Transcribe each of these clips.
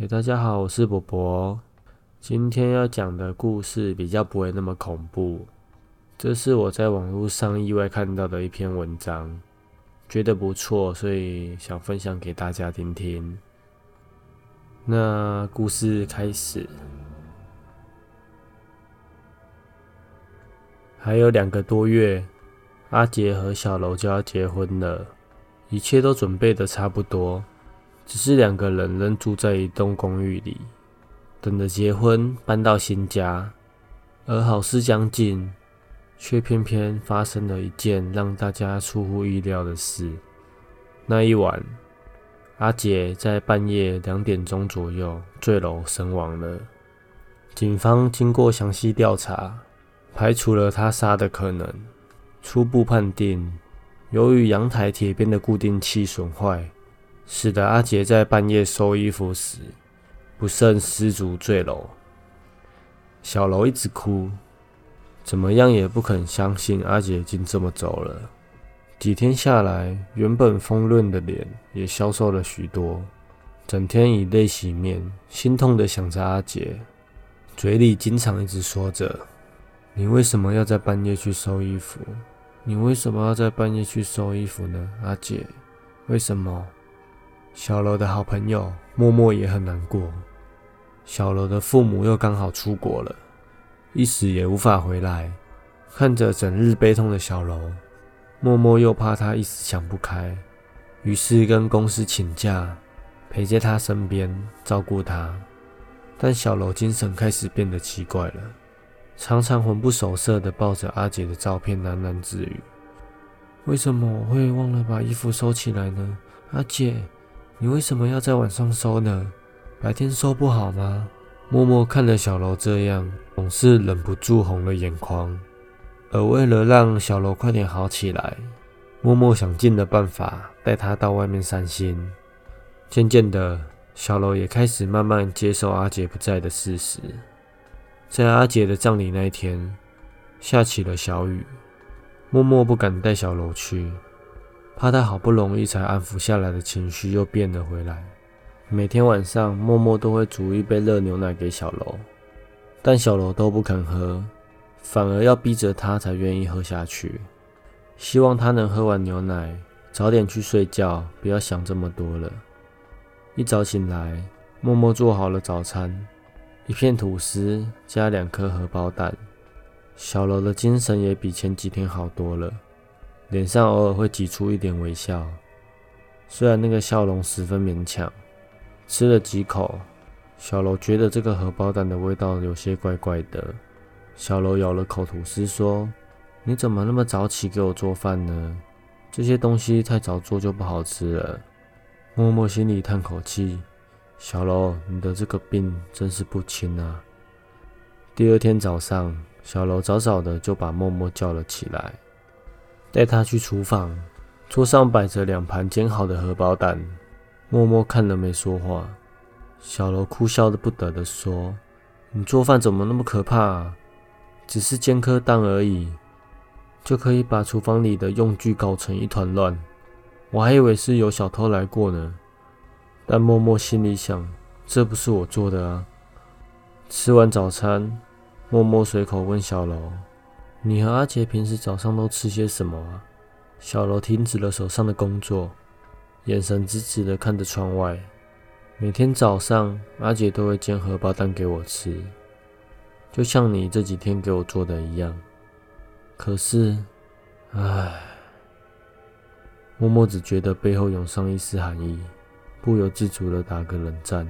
哎、欸，大家好，我是伯伯。今天要講的故事比較不會那麼恐怖，這是我在網絡上意外看到的一篇文章，覺得不錯，所以想分享給大家聽聽。那故事開始，還有兩個多月，阿杰和小柔就要結婚了，一切都準備的差不多。只是兩個人仍住在一棟公寓裡，等着結婚搬到新家。而好事將近，卻偏偏發生了一件讓大家出乎意料的事。那一晚，阿杰在半夜兩點鐘左右墜樓身亡了。警方經過詳細調查，排除了他殺的可能，初步判定，由於陽台鐵邊的固定器損壞。使得阿杰在半夜收衣服時，不慎失足墜樓。小樓一直哭，怎麼樣也不肯相信阿杰已經這麼走了。幾天下來，原本豐潤的臉也消瘦了許多，整天以淚洗面，心痛的想着阿杰，嘴裡經常一直說着：“你為什麼要在半夜去收衣服？你為什麼要在半夜去收衣服呢？阿杰，為什麼？”小樓的好朋友默默也很難過，小樓的父母又剛好出國了，一時也無法回來。看着整日悲痛的小樓，默默又怕他一時想不開，於是跟公司請假，陪在他身邊照顧他。但小樓精神開始變得奇怪了，常常魂不守舍地抱着阿姐的照片喃喃自語：“為什麼我會忘了把衣服收起來呢？阿姐。”你為什麼要在晚上收呢？白天收不好嗎？默默看着小樓這樣，總是忍不住紅了眼眶。而為了讓小樓快點好起來，默默想盡了辦法帶他到外面散心。漸漸的，小樓也開始慢慢接受阿杰不在的事實。在阿杰的葬禮那一天，下起了小雨，默默不敢帶小樓去。怕他好不容易才安撫下來的情緒又變了回來。每天晚上，默默都會煮一杯熱牛奶給小樓，但小樓都不肯喝，反而要逼着他才願意喝下去，希望他能喝完牛奶早點去睡覺，不要想這麼多了。一早醒來，默默做好了早餐，一片吐司加兩顆荷包蛋，小樓的精神也比前幾天好多了。臉上偶爾會擠出一點微笑，雖然那個笑容十分勉強。吃了幾口，小樓覺得這個荷包蛋的味道有些怪怪的。小樓咬了口吐司，說：“你怎麼那麼早起給我做飯呢？這些東西太早做就不好吃了。”默默心裡嘆口氣：“小樓，你的這個病真是不輕啊！”第二天早上，小樓早早的就把默默叫了起來。帶他去廚房，桌上擺着兩盤煎好的荷包蛋，默默看了沒說話。小樓哭笑的不得的說：“你做飯怎麼那麼可怕啊？只是煎顆蛋而已，就可以把廚房裡的用具搞成一團亂。我還以為是有小偷來過呢。”但默默心裡想：“這不是我做的啊。”吃完早餐，默默隨口問小樓。你和阿傑平時早上都吃些什麼啊？小樓停止了手上的工作，眼神直直的看着窗外。每天早上，阿傑都會煎荷包蛋給我吃，就像你這幾天給我做的一樣。可是，唉，默默只覺得背後湧上一絲寒意，不由自主的打個冷戰。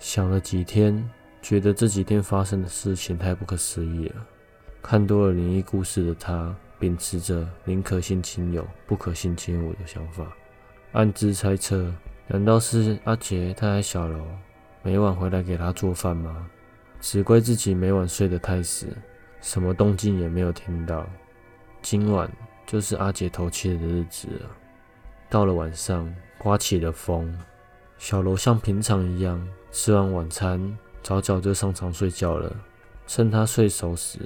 想了幾天，覺得這幾天發生的事情太不可思議了。看多了靈異故事的他，秉持着“寧可信其有，不可信其無”的想法，暗自猜測：難道是阿杰太愛小樓每晚回來給他做飯嗎？只怪自己每晚睡得太死，什麼動靜也沒有聽到。今晚就是阿杰頭七的日子了。到了晚上，颳起了風，小樓像平常一樣吃完晚餐，早早就上床睡覺了。趁他睡熟時，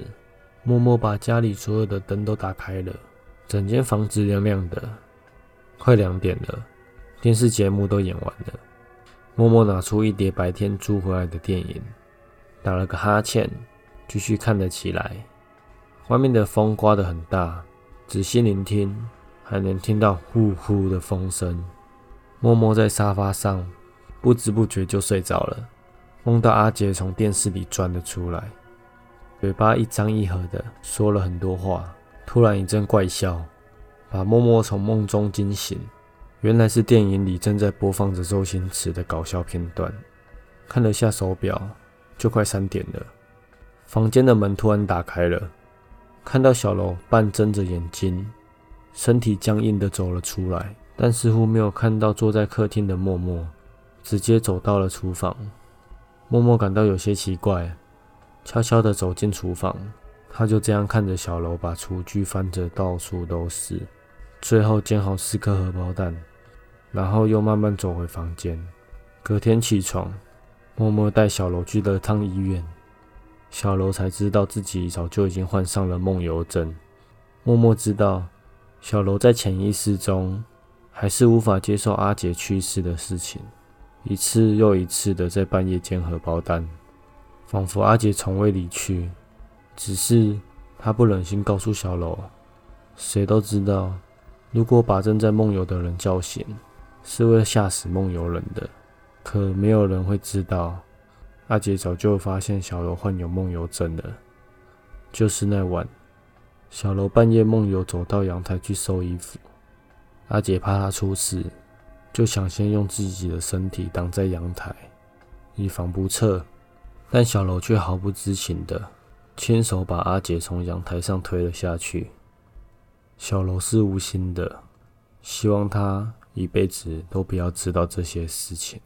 默默把家裡所有的燈都打開了，整間房子亮亮的。快兩點了，電視節目都演完了。默默拿出一疊白天租回來的電影，打了個哈欠，繼續看了起來。外面的風刮得很大，仔細聆聽還能聽到呼呼的風聲。默默在沙發上不知不覺就睡着了，夢到阿杰從電視裡鑽了出來。嘴巴一張一合的說了很多話，突然一陣怪笑，把默默從夢中驚醒。原來是電影裡正在播放着周星馳的搞笑片段。看了下手表，就快三點了。房間的門突然打開了，看到小樓半睜着眼睛，身體僵硬的走了出來，但似乎沒有看到坐在客廳的默默，直接走到了廚房。默默感到有些奇怪。悄悄地走進廚房，他就這樣看着小樓把廚具翻着到處都是，最後煎好四顆荷包蛋，然後又慢慢走回房間。隔天起床，默默帶小樓去了趟醫院，小樓才知道自己早就已經患上了夢遊症。默默知道，小樓在潛意識中還是無法接受阿杰去世的事情，一次又一次地在半夜煎荷包蛋。仿佛阿杰從未離去，只是他不忍心告訴小樓。誰都知道，如果把正在夢遊的人叫醒，是會嚇死夢遊人的。可沒有人會知道，阿杰早就發現小樓患有夢遊症了。就是那晚，小樓半夜夢遊走到陽台去收衣服，阿杰怕他出事，就想先用自己的身體擋在陽台，以防不測。但小樓卻毫不知情的，親手把阿杰從陽臺上推了下去。小樓是無心的，希望他一輩子都不要知道這些事情。